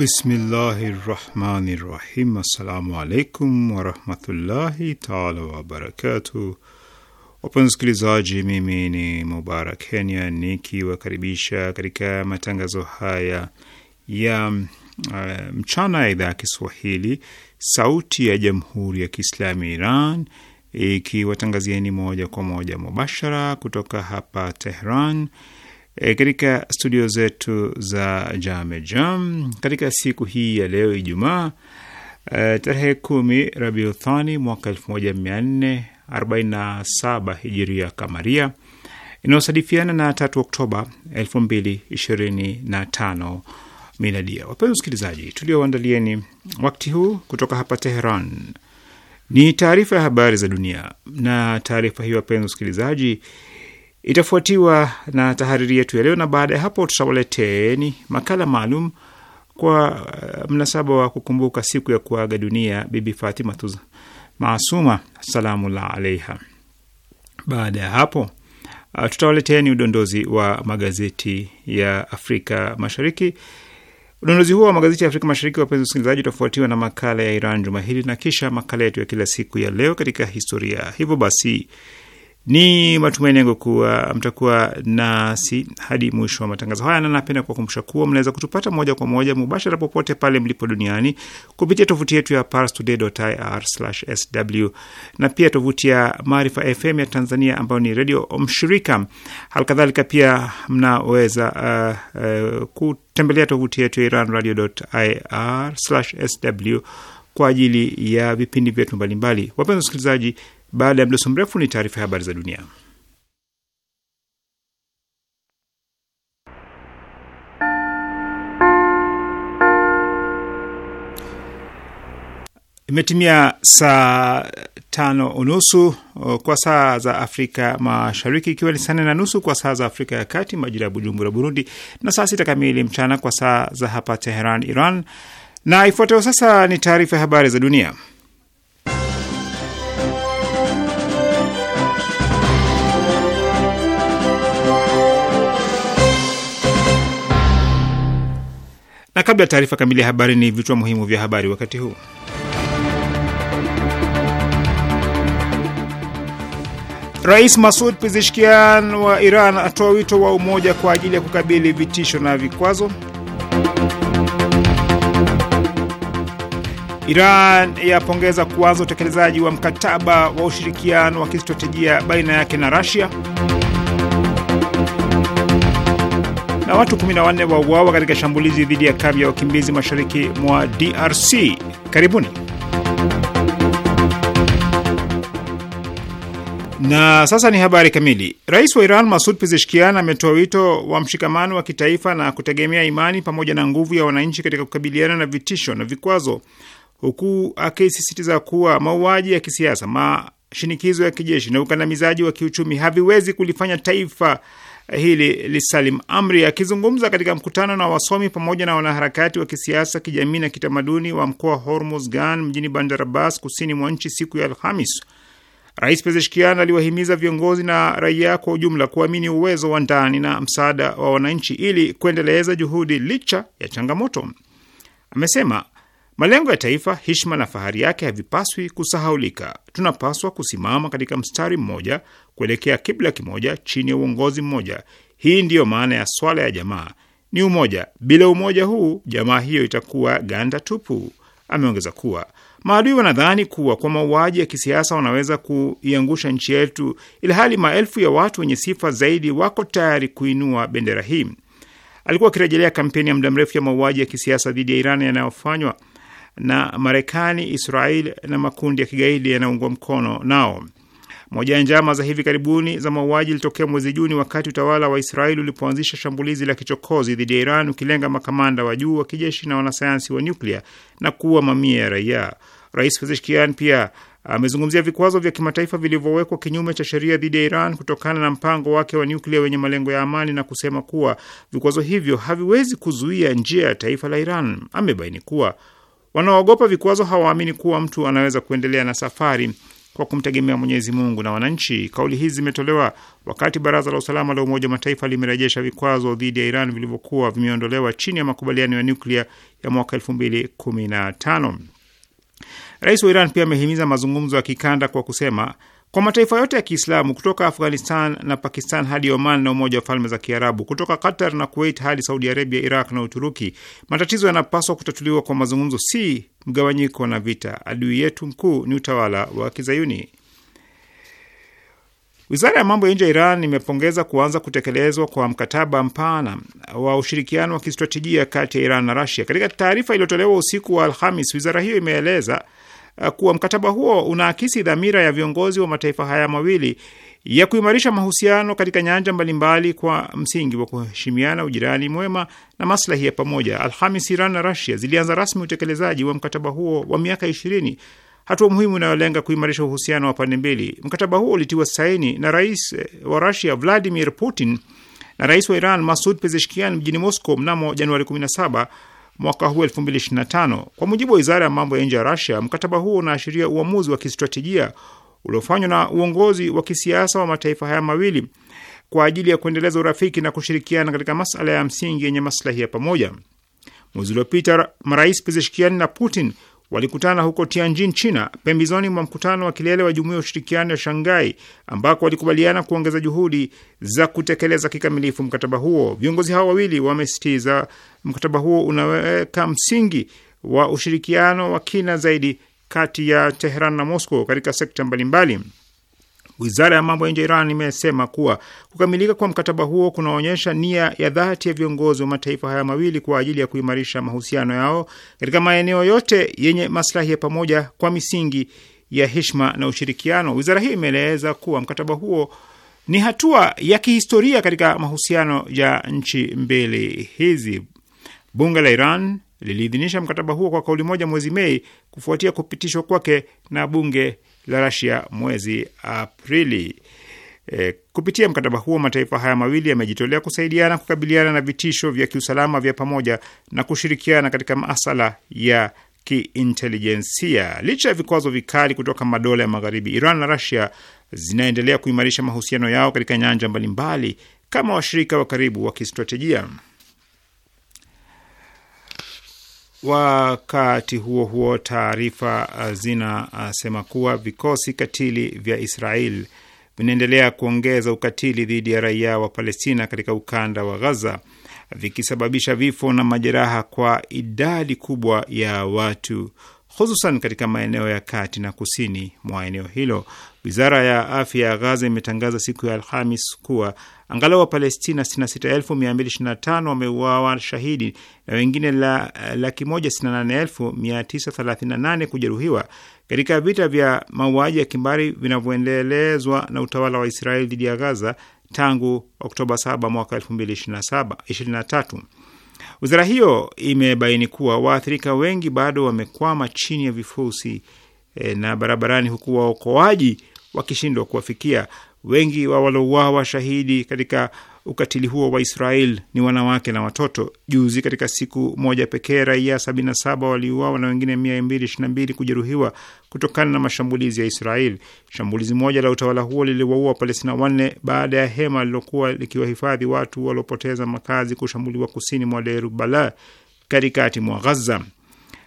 Bismillahi rahmani rahim. Assalamu alaikum warahmatullahi taala wabarakatuh. Wapenzi wasikilizaji, mimi ni Mubarak Kenya nikiwakaribisha katika matangazo haya ya uh, mchana ya idhaa ya Kiswahili sauti ya jamhuri ya Kiislami Iran ikiwatangazieni moja kwa moja mubashara kutoka hapa Tehran E, katika studio zetu za Jame Jam katika siku hii ya leo Ijumaa e, tarehe kumi Rabiuthani mwaka elfu moja mia nne arobaini na saba hijiria kamaria inayosadifiana na tatu Oktoba elfu mbili ishirini na tano minadia. Wapenzi wasikilizaji, tulioandalieni wakati huu kutoka hapa Teheran ni taarifa ya habari za dunia, na taarifa hiyo wapenzi wasikilizaji Itafuatiwa na tahariri yetu ya leo, na baada ya hapo tutawaleteni makala maalum kwa uh, mnasaba wa kukumbuka siku ya kuaga dunia Bibi Fatima Tuz Maasuma salamullah alaiha. Baada ya hapo uh, tutawaleteni udondozi wa magazeti ya Afrika Mashariki. Udondozi huo wa magazeti ya Afrika Mashariki, wapenzi wasikilizaji, utafuatiwa na makala ya Iran juma hili na kisha makala yetu ya kila siku ya leo katika historia. Hivyo basi ni matumaini yangu kuwa mtakuwa nasi hadi mwisho wa matangazo haya, na napenda kuwakumbusha kuwa mnaweza kutupata moja kwa moja mubashara popote pale mlipo duniani kupitia tovuti yetu ya parstoday.ir/sw na pia tovuti ya Maarifa FM ya Tanzania ambayo ni redio mshirika. Halikadhalika pia mnaweza uh, uh, kutembelea tovuti yetu ya iranradio.ir/sw kwa ajili ya vipindi vyetu mbalimbali. Wapenzi wasikilizaji baada ya mdoso mrefu ni taarifa ya habari za dunia. Imetimia saa tano unusu kwa saa za Afrika Mashariki, ikiwa ni saa nne na nusu kwa saa za Afrika ya Kati, majira ya Bujumbura, Burundi, na saa sita kamili mchana kwa saa za hapa Teheran, Iran. Na ifuatayo sasa ni taarifa ya habari za dunia. Na kabla ya taarifa kamili ya habari, ni vichwa muhimu vya habari wakati huu. Rais Masud pizishkian wa Iran atoa wito wa umoja kwa ajili ya kukabili vitisho na vikwazo. Iran yapongeza kuanza utekelezaji wa mkataba wa ushirikiano wa kistratejia baina yake na Rasia. na watu 14 wauawa katika shambulizi dhidi ya kambi ya wakimbizi mashariki mwa DRC. Karibuni. Na sasa ni habari kamili. Rais wa Iran Masud pizeshkian ametoa wito wa mshikamano wa kitaifa na kutegemea imani pamoja na nguvu ya wananchi katika kukabiliana na vitisho na vikwazo, huku akisisitiza kuwa mauaji ya kisiasa, mashinikizo ya kijeshi na ukandamizaji wa kiuchumi haviwezi kulifanya taifa hili Lisalim Amri akizungumza katika mkutano na wasomi pamoja na wanaharakati wa kisiasa, kijamii na kitamaduni wa mkoa hormus Hormuzgan mjini Bandar Abbas, kusini mwa nchi, siku ya Alhamis, Rais Pezeshkian aliwahimiza viongozi na raia kwa ujumla kuamini uwezo wa ndani na msaada wa wananchi ili kuendeleza juhudi licha ya changamoto. Amesema Malengo ya taifa, heshima na fahari yake havipaswi kusahaulika. Tunapaswa kusimama katika mstari mmoja kuelekea kibla kimoja chini ya uongozi mmoja. Hii ndiyo maana ya swala ya jamaa, ni umoja. Bila umoja huu, jamaa hiyo itakuwa ganda tupu. Ameongeza kuwa maadui wanadhani kuwa kwa mauaji ya kisiasa wanaweza kuiangusha nchi yetu, ilhali maelfu ya watu wenye sifa zaidi wako tayari kuinua bendera hii. Alikuwa akirejelea kampeni ya muda mrefu ya mauaji ya kisiasa dhidi ya Iran yanayofanywa na Marekani, Israel na makundi ya kigaidi yanaungwa mkono nao. Moja ya njama za hivi karibuni za mauaji ilitokea mwezi Juni wakati utawala wa Israel ulipoanzisha shambulizi la kichokozi dhidi ya Iran ukilenga makamanda wa juu wa kijeshi na wanasayansi wa nyuklia na kuua mamia ya raia. Rais Pezeshkian pia amezungumzia vikwazo vya kimataifa vilivyowekwa kinyume cha sheria dhidi ya Iran kutokana na mpango wake wa nyuklia wenye malengo ya amani na kusema kuwa vikwazo hivyo haviwezi kuzuia njia ya taifa la Iran. Amebaini kuwa Wanaoogopa vikwazo hawaamini kuwa mtu anaweza kuendelea na safari kwa kumtegemea Mwenyezi Mungu na wananchi. Kauli hizi zimetolewa wakati Baraza la Usalama la Umoja wa Mataifa limerejesha vikwazo dhidi ya Iran vilivyokuwa vimeondolewa chini ya makubaliano ya nuklia ya mwaka kumi na tano Rais wa Iran pia amehimiza mazungumzo ya kikanda kwa kusema kwa mataifa yote ya Kiislamu kutoka Afghanistan na Pakistan hadi Oman na Umoja wa Falme za Kiarabu, kutoka Qatar na Kuwait hadi Saudi Arabia, Iraq na Uturuki. Matatizo yanapaswa kutatuliwa kwa mazungumzo, si mgawanyiko na vita. Adui yetu mkuu ni utawala wa Kizayuni. Wizara ya mambo ya nje ya Iran imepongeza kuanza kutekelezwa kwa mkataba mpana wa ushirikiano wa kistratejia kati ya Iran na Rasia. Katika taarifa iliyotolewa usiku wa Alhamis, wizara hiyo imeeleza Eh, kuwa mkataba huo unaakisi dhamira ya viongozi wa mataifa haya mawili ya kuimarisha mahusiano katika nyanja mbalimbali kwa msingi wa kuheshimiana, ujirani mwema na maslahi ya pamoja. Alhamis, Iran na Rasia zilianza rasmi utekelezaji wa mkataba huo wa miaka ishirini, hatua muhimu inayolenga kuimarisha uhusiano wa pande mbili. Mkataba huo ulitiwa saini na rais eh, wa Rasia Vladimir Putin na rais wa Iran Masud Pezeshkian mjini Moscow mnamo Januari 17 mwaka huu 2025. Kwa mujibu wa wizara ya mambo ya nje ya Russia, mkataba huo unaashiria uamuzi wa kistratejia uliofanywa na uongozi wa kisiasa wa mataifa haya mawili kwa ajili ya kuendeleza urafiki na kushirikiana katika masala ya msingi yenye maslahi ya pamoja. Mwezi uliopita marais Pezeshkian na Putin walikutana huko Tianjin, China, pembezoni mwa mkutano wa kilele wa Jumuiya ya Ushirikiano ya Shanghai, ambako walikubaliana kuongeza juhudi za kutekeleza kikamilifu mkataba huo. Viongozi hao wawili wamesitiza mkataba huo unaweka msingi wa ushirikiano wa kina zaidi kati ya Teheran na Moscow katika sekta mbalimbali mbali. Wizara ya mambo ya nje ya Iran imesema kuwa kukamilika kwa mkataba huo kunaonyesha nia ya dhati ya viongozi wa mataifa haya mawili kwa ajili ya kuimarisha mahusiano yao katika maeneo yote yenye maslahi ya pamoja kwa misingi ya heshima na ushirikiano. Wizara hiyo imeeleza kuwa mkataba huo ni hatua ya kihistoria katika mahusiano ya nchi mbili hizi. Bunge la Iran liliidhinisha mkataba huo kwa kauli moja mwezi Mei kufuatia kupitishwa kwake na bunge za Rasia mwezi Aprili. E, kupitia mkataba huo mataifa haya mawili yamejitolea kusaidiana kukabiliana na vitisho vya kiusalama vya pamoja na kushirikiana katika masala ya kiintelijensia. Licha ya vikwazo vikali kutoka madola ya Magharibi, Iran na Rasia zinaendelea kuimarisha mahusiano yao katika nyanja mbalimbali kama washirika wa karibu wa kistratejia. Wakati huo huo, taarifa uh, zinasema uh, kuwa vikosi katili vya Israel vinaendelea kuongeza ukatili dhidi ya raia wa Palestina katika ukanda wa Gaza, vikisababisha vifo na majeraha kwa idadi kubwa ya watu hususan katika maeneo ya kati na kusini mwa eneo hilo. Wizara ya afya ya Gaza imetangaza siku ya Alhamis kuwa Angalau Wapalestina 66,225 wameuawa shahidi na wengine laki moja 68,938 kujeruhiwa katika vita vya mauaji ya kimbari vinavyoendelezwa na utawala wa Israeli dhidi ya Gaza tangu Oktoba 7 mwaka 2023. Wizara hiyo imebaini kuwa waathirika wengi bado wamekwama chini ya vifusi e, na barabarani, huku waokoaji wakishindwa kuwafikia. Wengi wa walouawa shahidi katika ukatili huo wa Israel ni wanawake na watoto. Juzi katika siku moja pekee, raia 77 waliuawa na wengine 222 kujeruhiwa kutokana na mashambulizi ya Israel. Shambulizi moja la utawala huo liliwaua Wapalestina wanne baada ya hema lilokuwa likiwahifadhi watu waliopoteza makazi kushambuliwa kusini mwa Deir Bala katikati mwa Ghaza.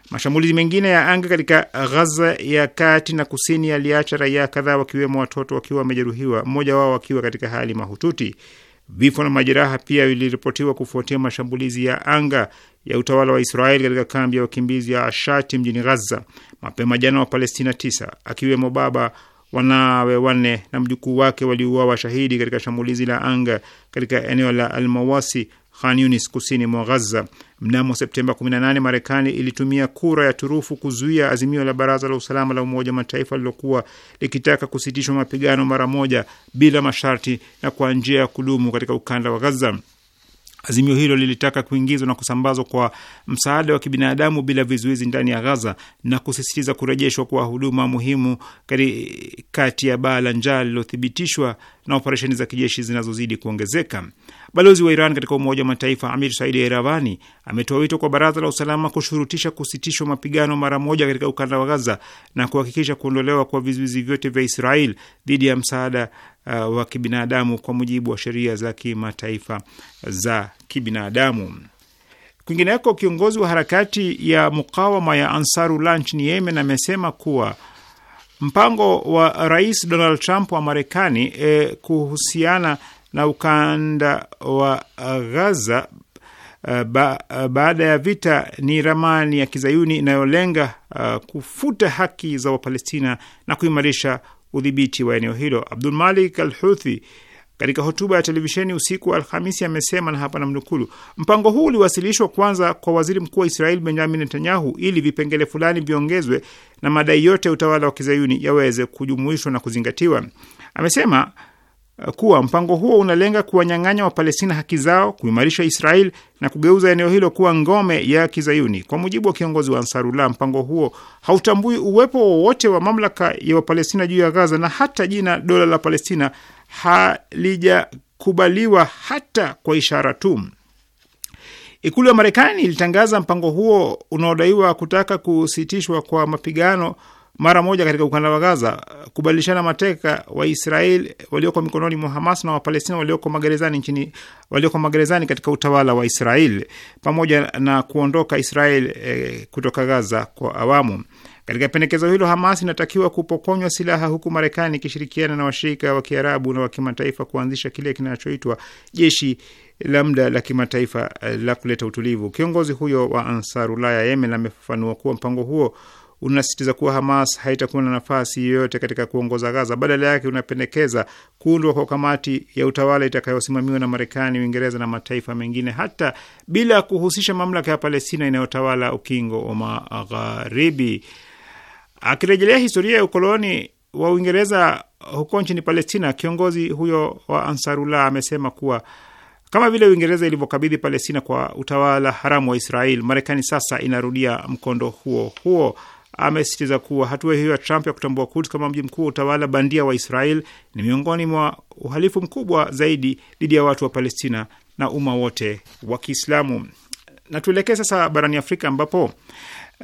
Mashambulizi mengine ya anga katika Ghaza ya kati na kusini yaliacha raia kadhaa, wakiwemo watoto, wakiwa wamejeruhiwa, mmoja wao akiwa katika hali mahututi. Vifo na majeraha pia viliripotiwa kufuatia mashambulizi ya anga ya utawala wa Israeli katika kambi ya wakimbizi ya Ashati mjini Ghaza mapema jana. Wa Palestina tisa akiwemo baba, wanawe wanne na mjukuu wake waliuawa shahidi katika shambulizi la anga katika eneo la Almawasi Khan Yunis, kusini mwa Ghaza Mnamo Septemba 18 Marekani ilitumia kura ya turufu kuzuia azimio la Baraza la Usalama la Umoja wa Mataifa lilokuwa likitaka kusitishwa mapigano mara moja bila masharti na kwa njia ya kudumu katika ukanda wa Gaza. Azimio hilo lilitaka kuingizwa na kusambazwa kwa msaada wa kibinadamu bila vizuizi ndani ya Gaza na kusisitiza kurejeshwa kwa huduma muhimu kati ya baa la njaa lililothibitishwa na operesheni za kijeshi zinazozidi kuongezeka. Balozi wa Iran katika Umoja wa Mataifa Amir Saidi Eravani ametoa wito kwa Baraza la Usalama kushurutisha kusitishwa mapigano mara moja katika ukanda wa Gaza na kuhakikisha kuondolewa kwa vizuizi vyote vya Israel dhidi ya msaada uh, wa kibinadamu kwa mujibu wa sheria za kimataifa za kibinadamu. Kwingineko, kiongozi wa harakati ya mukawama ya Ansarullah nchini Yemen amesema kuwa mpango wa Rais Donald Trump wa Marekani eh, kuhusiana na ukanda wa Gaza eh, ba, eh, baada ya vita ni ramani ya kizayuni inayolenga uh, kufuta haki za Wapalestina na kuimarisha udhibiti wa eneo hilo. Abdul Malik Al Huthi katika hotuba ya televisheni usiku wa Alhamisi amesema, na hapa namnukulu: mpango huu uliwasilishwa kwanza kwa waziri mkuu wa Israel Benjamin Netanyahu ili vipengele fulani viongezwe na madai yote ya utawala wa kizayuni yaweze kujumuishwa na kuzingatiwa. Amesema Uh, kuwa mpango huo unalenga kuwanyang'anya Wapalestina haki zao, kuimarisha Israel na kugeuza eneo hilo kuwa ngome ya Kizayuni. Kwa mujibu wa kiongozi wa Ansarullah, mpango huo hautambui uwepo wowote wa mamlaka ya Wapalestina juu ya Gaza na hata jina dola la Palestina halijakubaliwa hata kwa ishara tu. Ikulu ya Marekani ilitangaza mpango huo unaodaiwa kutaka kusitishwa kwa mapigano mara moja katika ukanda wa Gaza, uh, kubadilishana mateka Israel walioko mikononi mwa Hamas na Wapalestina walioko magerezani nchini walioko magerezani katika utawala wa israel pamoja na kuondoka Israel eh, kutoka Gaza kwa awamu. Katika pendekezo hilo, Hamas inatakiwa kupokonywa silaha, huku Marekani ikishirikiana na washirika wa Kiarabu na wa kimataifa kuanzisha kile kinachoitwa jeshi la muda la kimataifa eh, la kuleta utulivu. Kiongozi huyo wa Ansarullah ya Yemen amefafanua kuwa mpango huo unasisitiza kuwa Hamas haitakuwa na nafasi yoyote katika kuongoza Gaza. Badala yake, unapendekeza kuundwa kwa kamati ya utawala itakayosimamiwa na Marekani, Uingereza na mataifa mengine, hata bila kuhusisha mamlaka ya Palestina inayotawala ukingo wa Magharibi. Akirejelea historia ya ukoloni wa Uingereza huko nchini Palestina, kiongozi huyo wa Ansarullah amesema kuwa kama vile Uingereza ilivyokabidhi Palestina kwa utawala haramu wa Israel, Marekani sasa inarudia mkondo huo huo amesisitiza kuwa hatua hiyo ya Trump ya kutambua Kuds kama mji mkuu wa utawala bandia wa Israel ni miongoni mwa uhalifu mkubwa zaidi dhidi ya watu wa Palestina na umma wote wa Kiislamu. Na tuelekee sasa barani Afrika ambapo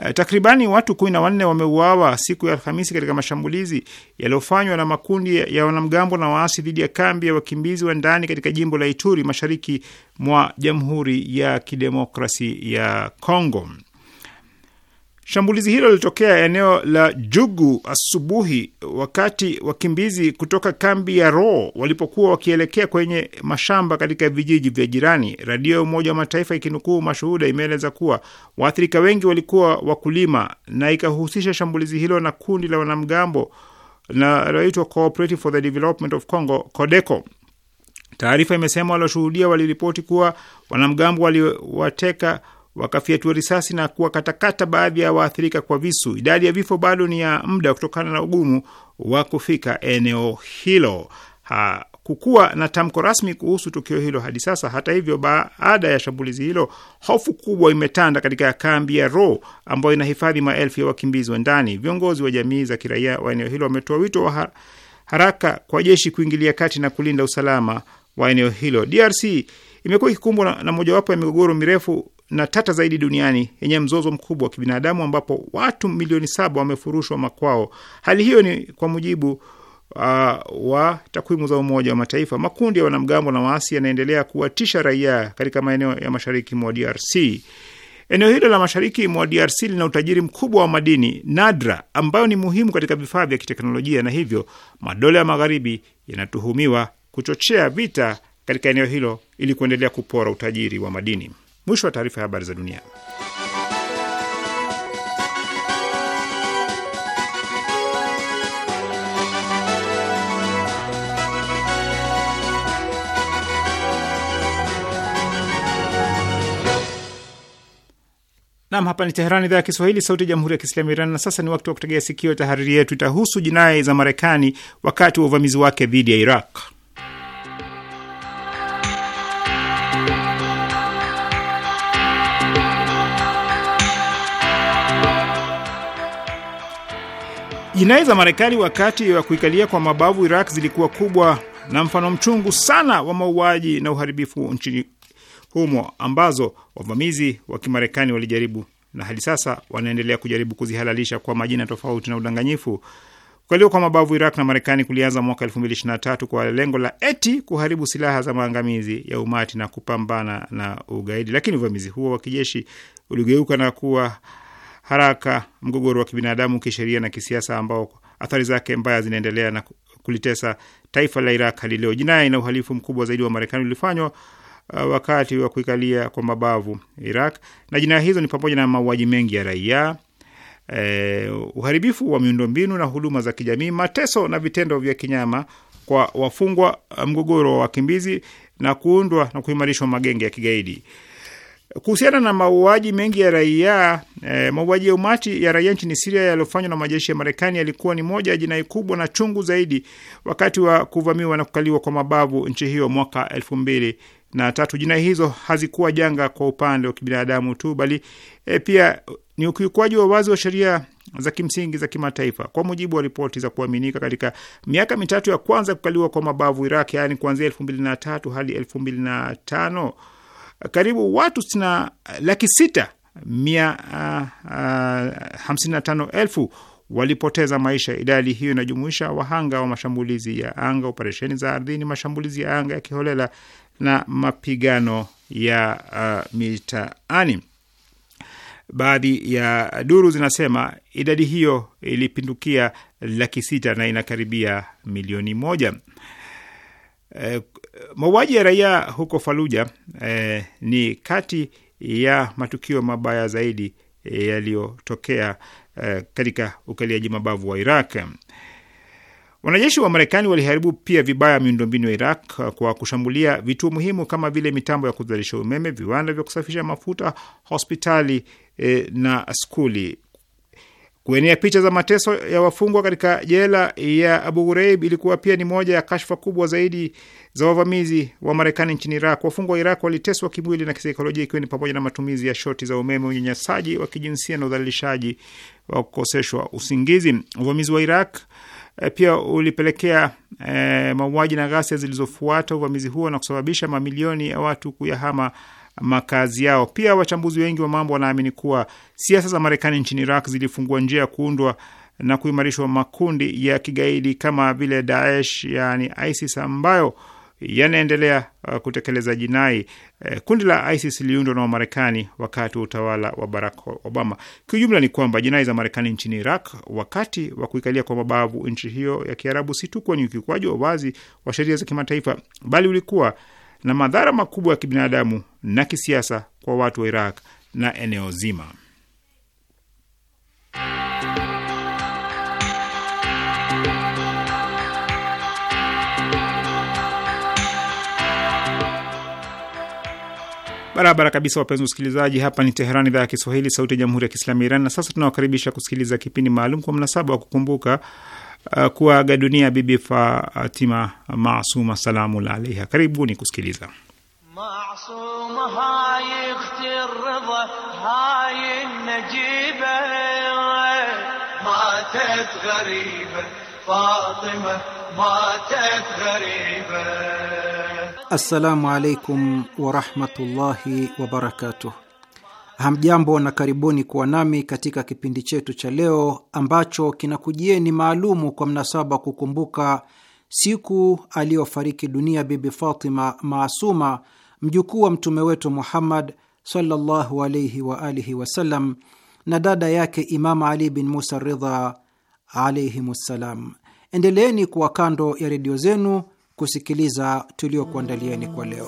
eh, takribani watu kumi na wanne wameuawa siku ya Alhamisi katika mashambulizi yaliyofanywa na makundi ya wanamgambo na waasi dhidi ya kambi ya wakimbizi wa ndani katika jimbo la Ituri mashariki mwa Jamhuri ya Kidemokrasi ya congo Shambulizi hilo lilitokea eneo la Jugu asubuhi wakati wakimbizi kutoka kambi ya ro walipokuwa wakielekea kwenye mashamba katika vijiji vya jirani. Redio ya Umoja wa Mataifa ikinukuu mashuhuda imeeleza kuwa waathirika wengi walikuwa wakulima na ikahusisha shambulizi hilo na kundi la wanamgambo linaloitwa Cooperative for the Development of Congo, CODECO. Taarifa imesema walioshuhudia waliripoti kuwa wanamgambo waliwateka wakafyatua risasi na kuwakatakata baadhi ya waathirika kwa visu. Idadi ya vifo bado ni ya muda kutokana na ugumu wa kufika eneo hilo. Hakukuwa na tamko rasmi kuhusu tukio hilo hadi sasa. Hata hivyo, baada ya shambulizi hilo, hofu kubwa imetanda katika kambi ya Ro ambayo inahifadhi maelfu ya wakimbizi wa ndani. Viongozi wa jamii za kiraia wa eneo hilo wametoa wito wa haraka kwa jeshi kuingilia kati na kulinda usalama wa eneo hilo. DRC imekuwa ikikumbwa na, na mojawapo ya migogoro mirefu na tata zaidi duniani yenye mzozo mkubwa wa kibinadamu ambapo watu milioni saba wamefurushwa makwao. Hali hiyo ni kwa mujibu uh, wa takwimu za Umoja wa Mataifa. Makundi ya wanamgambo na waasi yanaendelea kuwatisha raia katika maeneo ya mashariki mwa DRC. Eneo hilo la mashariki mwa DRC lina utajiri mkubwa wa madini nadra ambayo ni muhimu katika vifaa vya kiteknolojia, na hivyo madola ya magharibi yanatuhumiwa kuchochea vita katika eneo hilo ili kuendelea kupora utajiri wa madini. Mwisho wa taarifa ya habari za dunia. Nam, hapa ni teheran idhaa ya Kiswahili, sauti ya jamhuri ya kiislamu Iran. Na sasa ni wakati wa kutegea sikio. Tahariri yetu itahusu jinai za Marekani wakati wa uvamizi wake dhidi ya Iraq. Jinai za Marekani wakati wa kuikalia kwa mabavu Iraq zilikuwa kubwa na mfano mchungu sana wa mauaji na uharibifu nchini humo ambazo wavamizi wa Kimarekani walijaribu na hadi sasa wanaendelea kujaribu kuzihalalisha kwa majina tofauti na udanganyifu. Kukaliwa kwa mabavu Iraq na Marekani kulianza mwaka tatu kwa lengo la eti kuharibu silaha za maangamizi ya umati na kupambana na ugaidi, lakini uvamizi huo wa kijeshi uligeuka na kuwa haraka mgogoro wa kibinadamu, kisheria na kisiasa ambao athari zake mbaya zinaendelea na kulitesa taifa la Iraq hadi leo. Jinai na uhalifu mkubwa zaidi wa Marekani ulifanywa uh, wakati wa kuikalia kwa mabavu Iraq, na jinai hizo ni pamoja na mauaji mengi ya raia eh, uharibifu wa miundombinu na huduma za kijamii, mateso na vitendo vya kinyama kwa wafungwa, uh, mgogoro wa wakimbizi na kuundwa na kuimarishwa magenge ya kigaidi. Kuhusiana na mauaji mengi ya raia e, mauaji ya umati ya raia nchini Siria yaliyofanywa na majeshi ya Marekani yalikuwa ni moja ya jinai kubwa na chungu zaidi wakati wa kuvamiwa na kukaliwa kwa mabavu nchi hiyo mwaka elfu mbili na tatu. Jinai hizo hazikuwa janga kwa upande wa kibinadamu tu, bali e, pia ni ukiukwaji wa wazi wa sheria za kimsingi za kimataifa. Kwa mujibu wa ripoti za kuaminika, katika miaka mitatu ya kwanza kukaliwa kwa mabavu Iraq, yaani kuanzia elfu mbili na tatu hadi elfu mbili na tano karibu watu sina eh, laki sita mia eh, eh, hamsini na tano elfu walipoteza maisha. Idadi hiyo inajumuisha wahanga wa mashambulizi ya anga, operesheni za ardhini, mashambulizi ya anga ya kiholela na mapigano ya uh, mitaani. Baadhi ya duru zinasema idadi hiyo ilipindukia laki sita na inakaribia milioni moja. Eh, mauaji ya raia huko Faluja e, eh, ni kati ya matukio mabaya zaidi e, yaliyotokea e, katika ukaliaji mabavu wa Iraq. Wanajeshi wa Marekani waliharibu pia vibaya miundombinu ya Iraq kwa kushambulia vituo muhimu kama vile mitambo ya kuzalisha umeme, viwanda vya kusafisha mafuta, hospitali e, na skuli. Kuenea picha za mateso ya wafungwa katika jela ya Abu Ghuraib ilikuwa pia ni moja ya kashfa kubwa zaidi za wavamizi wa Marekani nchini Iraq. Wafungwa wa Iraq waliteswa kimwili na kisaikolojia, ikiwa ni pamoja na matumizi ya shoti za umeme, unyanyasaji wa kijinsia na udhalilishaji wa kukoseshwa usingizi. Uvamizi wa Iraq eh, pia ulipelekea eh, mauaji na ghasia zilizofuata uvamizi huo na kusababisha mamilioni ya watu kuyahama makazi yao. Pia wachambuzi wengi wa mambo wanaamini kuwa siasa za Marekani nchini Iraq zilifungua njia ya kuundwa na kuimarishwa makundi ya kigaidi kama vile Daesh, yani ISIS ambayo yanaendelea uh, kutekeleza jinai. Eh, kundi la ISIS liliundwa na Wamarekani wakati wa utawala wa Barack Obama. Kiujumla ni kwamba jinai za Marekani nchini Iraq wakati wa kuikalia kwa mabavu nchi hiyo ya Kiarabu si tu ni ukiukwaji wa wazi wa sheria za kimataifa, bali ulikuwa na madhara makubwa ya kibinadamu na kisiasa kwa watu wa Iraq na eneo zima. Barabara kabisa, wapenzi wasikilizaji, hapa ni Teheran, idhaa ya Kiswahili, sauti ya jamhuri ya kiislamu ya Iran. Na sasa tunawakaribisha kusikiliza kipindi maalum kwa mnasaba wa kukumbuka uh, kuaga dunia Bibi Fatima Masuma salamu alaiha. Karibuni kusikiliza Assalamu alaikum warahmatullahi wabarakatuh. Hamjambo na karibuni kuwa nami katika kipindi chetu cha leo ambacho kinakujieni maalumu kwa mnasaba kukumbuka siku aliyofariki dunia Bibi Fatima Maasuma, mjukuu wa mtume wetu Muhammad sallallahu alaihi wa alihi wasallam na dada yake Imama Ali bin Musa Ridha alaihimssalam. Endeleeni kuwa kando ya redio zenu kusikiliza tuliokuandalieni kwa leo.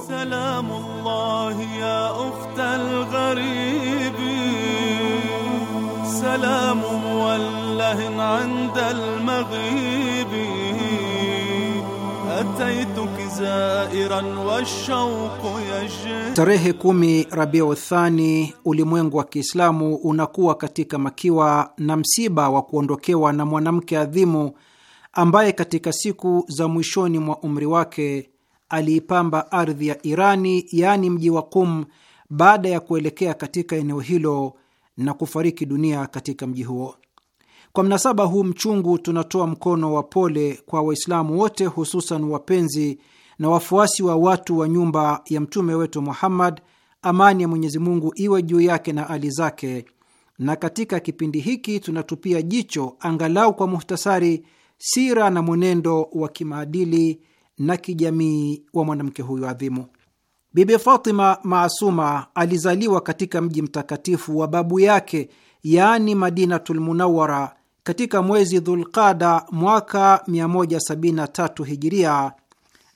Tarehe kumi Rabia Thani, ulimwengu wa Kiislamu unakuwa katika makiwa na msiba wa kuondokewa na mwanamke adhimu ambaye katika siku za mwishoni mwa umri wake aliipamba ardhi ya Irani, yaani mji wa Qum, baada ya kuelekea katika eneo hilo na kufariki dunia katika mji huo. Kwa mnasaba huu mchungu, tunatoa mkono wa pole kwa Waislamu wote, hususan wapenzi na wafuasi wa watu wa nyumba ya mtume wetu Muhammad, amani ya Mwenyezi Mungu iwe juu yake na ali zake. Na katika kipindi hiki tunatupia jicho angalau kwa muhtasari sira na mwenendo wa kimaadili na kijamii wa mwanamke huyo adhimu. Bibi Fatima Maasuma alizaliwa katika mji mtakatifu wa babu yake, yaani Madinatul Munawara, katika mwezi Dhulqada mwaka 173 Hijiria,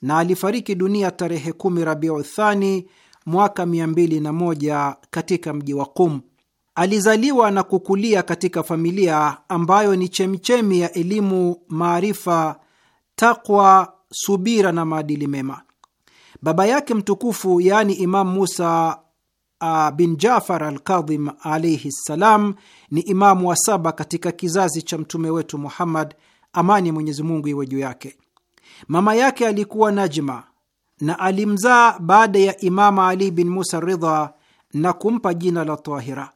na alifariki dunia tarehe 10 Rabiu Thani mwaka 201 katika mji wa Qum. Alizaliwa na kukulia katika familia ambayo ni chemchemi ya elimu, maarifa, takwa, subira na maadili mema. Baba yake mtukufu yaani Imamu Musa ah, bin Jafar al Kadhim alaihi ssalam ni imamu wa saba katika kizazi cha mtume wetu Muhammad, amani ya Mwenyezi Mungu iwe juu yake. Mama yake alikuwa Najma na alimzaa baada ya Imama Ali bin Musa Ridha na kumpa jina la Tahira.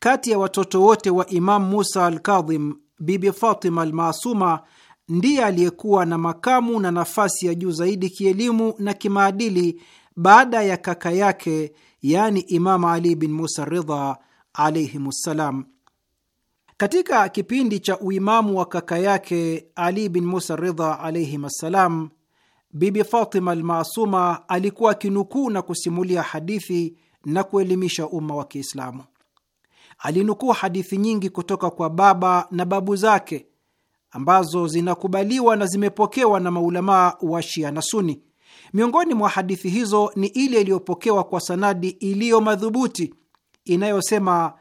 Kati ya watoto wote wa Imamu Musa Alkadhim, Bibi Fatima Almasuma ndiye aliyekuwa na makamu na nafasi ya juu zaidi kielimu na kimaadili baada ya kaka yake, yani Imamu Ali bin Musa Ridha alaihimussalam. Katika kipindi cha uimamu wa kaka yake Ali bin Musa Ridha alaihim assalam, Bibi Fatima Almasuma alikuwa akinukuu na kusimulia hadithi na kuelimisha umma wa Kiislamu alinukuu hadithi nyingi kutoka kwa baba na babu zake ambazo zinakubaliwa na zimepokewa na maulamaa wa Shia na Suni. Miongoni mwa hadithi hizo ni ile iliyopokewa kwa sanadi iliyo madhubuti inayosema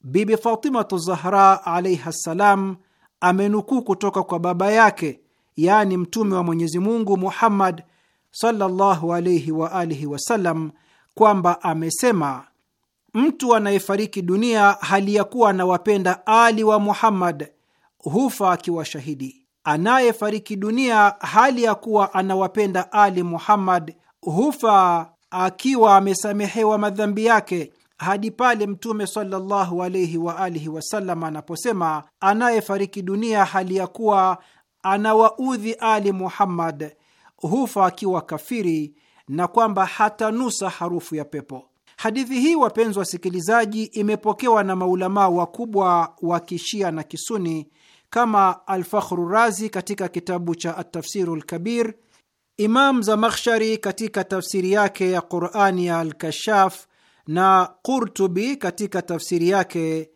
Bibi Fatimatu Zahra alaiha ssalam amenukuu kutoka kwa baba yake, yaani Mtume wa Mwenyezi Mungu Muhammad sallallahu alaihi waalihi wasallam kwamba amesema mtu anayefariki dunia hali ya kuwa anawapenda Ali wa Muhammad hufa akiwa shahidi. Anayefariki dunia hali ya kuwa anawapenda Ali Muhammad hufa akiwa amesamehewa madhambi yake hadi pale Mtume sallallahu alaihi wa alihi wasallam anaposema, anayefariki dunia hali ya kuwa anawaudhi Ali Muhammad hufa akiwa kafiri, na kwamba hatanusa harufu ya pepo. Hadithi hii wapenzi wasikilizaji, imepokewa na maulamaa wakubwa wa kishia na kisuni kama Alfakhru Razi katika kitabu cha Atafsiru Lkabir, Imam Zamakhshari katika tafsiri yake ya Qurani ya Alkashaf na Qurtubi katika tafsiri yake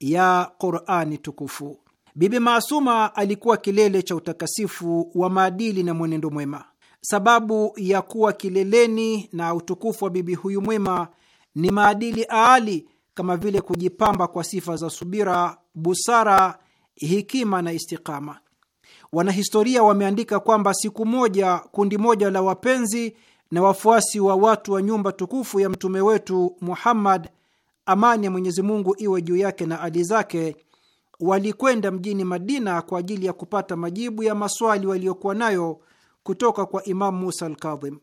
ya Qurani Tukufu. Bibi Maasuma alikuwa kilele cha utakasifu wa maadili na mwenendo mwema. Sababu ya kuwa kileleni na utukufu wa bibi huyu mwema ni maadili aali kama vile kujipamba kwa sifa za subira, busara, hikima na istikama. Wanahistoria wameandika kwamba siku moja kundi moja la wapenzi na wafuasi wa watu wa nyumba tukufu ya mtume wetu Muhammad, amani ya Mwenyezi Mungu iwe juu yake na ali zake, walikwenda mjini Madina kwa ajili ya kupata majibu ya maswali waliokuwa nayo kutoka kwa Imamu Musa Alkadhim.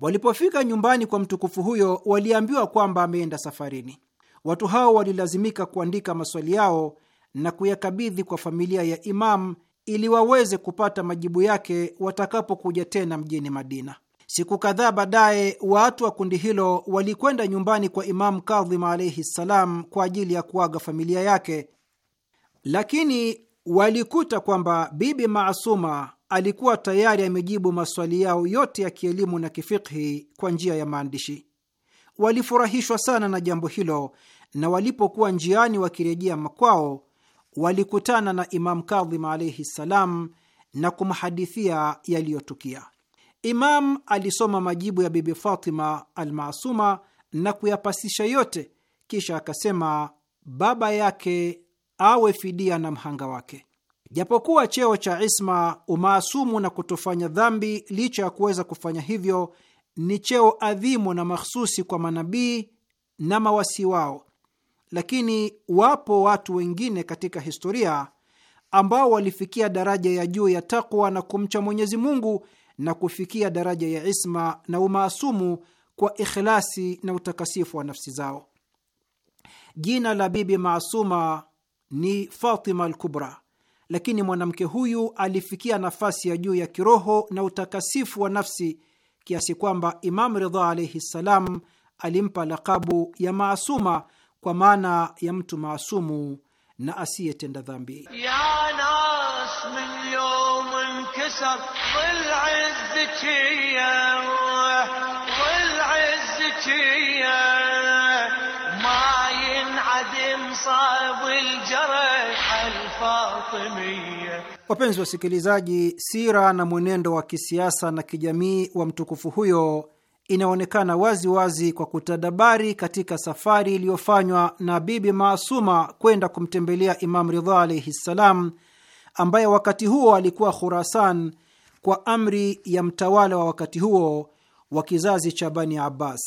Walipofika nyumbani kwa mtukufu huyo, waliambiwa kwamba ameenda safarini. Watu hao walilazimika kuandika maswali yao na kuyakabidhi kwa familia ya Imamu ili waweze kupata majibu yake watakapokuja tena mjini Madina. Siku kadhaa baadaye, watu wa kundi hilo walikwenda nyumbani kwa Imamu Kadhim alaihi ssalam kwa ajili ya kuaga familia yake, lakini walikuta kwamba Bibi Maasuma alikuwa tayari amejibu maswali yao yote ya kielimu na kifikhi kwa njia ya maandishi. Walifurahishwa sana na jambo hilo, na walipokuwa njiani wakirejea makwao walikutana na Imam Kadhim alaihi ssalam na kumhadithia yaliyotukia. Imam alisoma majibu ya Bibi Fatima Almasuma na kuyapasisha yote, kisha akasema baba yake awe fidia na mhanga wake. Japokuwa cheo cha isma, umaasumu na kutofanya dhambi, licha ya kuweza kufanya hivyo, ni cheo adhimu na mahsusi kwa manabii na mawasi wao, lakini wapo watu wengine katika historia ambao walifikia daraja ya juu ya takwa na kumcha Mwenyezi Mungu na kufikia daraja ya isma na umaasumu kwa ikhlasi na utakasifu wa nafsi zao. Jina la Bibi Maasuma ni Fatima al lakini mwanamke huyu alifikia nafasi ya juu ya kiroho na utakasifu wa nafsi kiasi kwamba Imam Ridha alaihi ssalam alimpa lakabu ya maasuma kwa maana ya mtu maasumu na asiyetenda dhambi. Wapenzi wasikilizaji, sira na mwenendo wa kisiasa na kijamii wa mtukufu huyo inaonekana wazi wazi kwa kutadabari katika safari iliyofanywa na Bibi Maasuma kwenda kumtembelea Imam Ridha alaihi ssalam, ambaye wakati huo alikuwa Khurasan kwa amri ya mtawala wa wakati huo wa kizazi cha Bani Abbas.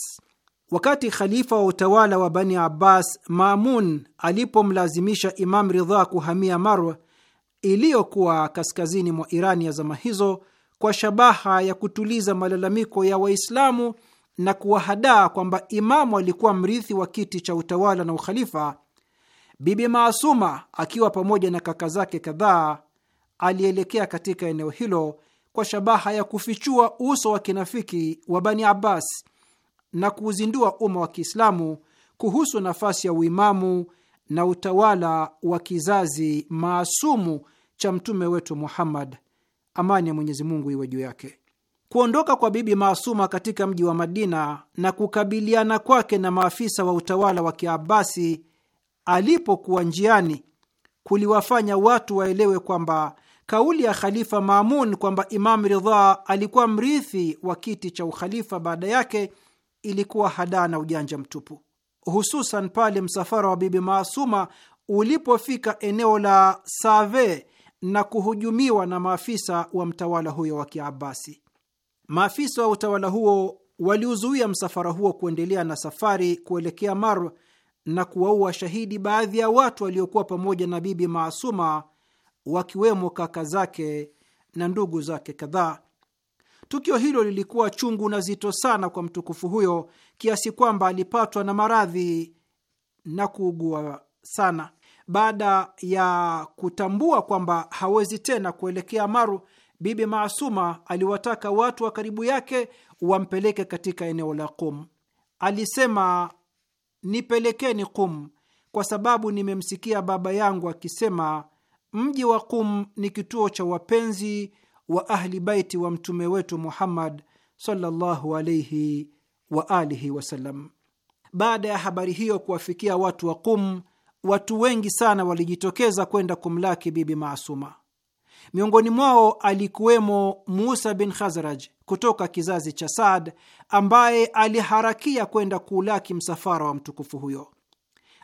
Wakati khalifa wa utawala wa Bani Abbas Mamun alipomlazimisha Imam Ridha kuhamia Marwa, iliyokuwa kaskazini mwa Irani ya zama hizo kwa shabaha ya kutuliza malalamiko ya Waislamu na kuwahadaa kwamba Imamu alikuwa mrithi wa kiti cha utawala na ukhalifa, Bibi Maasuma akiwa pamoja na kaka zake kadhaa alielekea katika eneo hilo kwa shabaha ya kufichua uso wa kinafiki wa Bani Abbas na kuuzindua umma wa Kiislamu kuhusu nafasi ya uimamu na utawala wa kizazi maasumu cha mtume wetu Muhammad, amani ya Mwenyezi Mungu iwe juu yake. Kuondoka kwa Bibi Maasuma katika mji wa Madina na kukabiliana kwake na maafisa wa utawala wa Kiabasi alipokuwa njiani kuliwafanya watu waelewe kwamba kauli ya Khalifa Maamun kwamba Imam Ridha alikuwa mrithi wa kiti cha ukhalifa baada yake ilikuwa hadaa na ujanja mtupu hususan pale msafara wa Bibi Maasuma ulipofika eneo la Save na kuhujumiwa na maafisa wa mtawala huyo wa Kiabasi. Maafisa wa utawala huo waliuzuia msafara huo kuendelea na safari kuelekea mar na kuwaua shahidi baadhi ya watu waliokuwa pamoja na Bibi Maasuma, wakiwemo kaka zake na ndugu zake kadhaa. Tukio hilo lilikuwa chungu na zito sana kwa mtukufu huyo kiasi kwamba alipatwa na maradhi na kuugua sana. Baada ya kutambua kwamba hawezi tena kuelekea Maru, Bibi Maasuma aliwataka watu wa karibu yake wampeleke katika eneo la Qum. Alisema, nipelekeni Qum kwa sababu nimemsikia baba yangu akisema mji wa Qum ni kituo cha wapenzi wa ahli baiti wa mtume wetu Muhammad sallallahu wa alihi wasallam. Baada ya habari hiyo kuwafikia watu wa Qum, watu wengi sana walijitokeza kwenda kumlaki Bibi Maasuma. Miongoni mwao alikuwemo Musa bin Khazraj kutoka kizazi cha Saad ambaye aliharakia kwenda kuulaki msafara wa mtukufu huyo.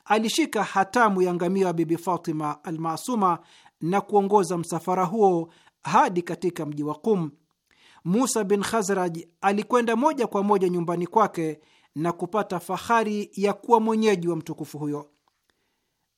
Alishika hatamu ya ngamia ya Bibi Fatima Almasuma na kuongoza msafara huo hadi katika mji wa Qum. Musa bin Khazraj alikwenda moja kwa moja nyumbani kwake na kupata fahari ya kuwa mwenyeji wa mtukufu huyo.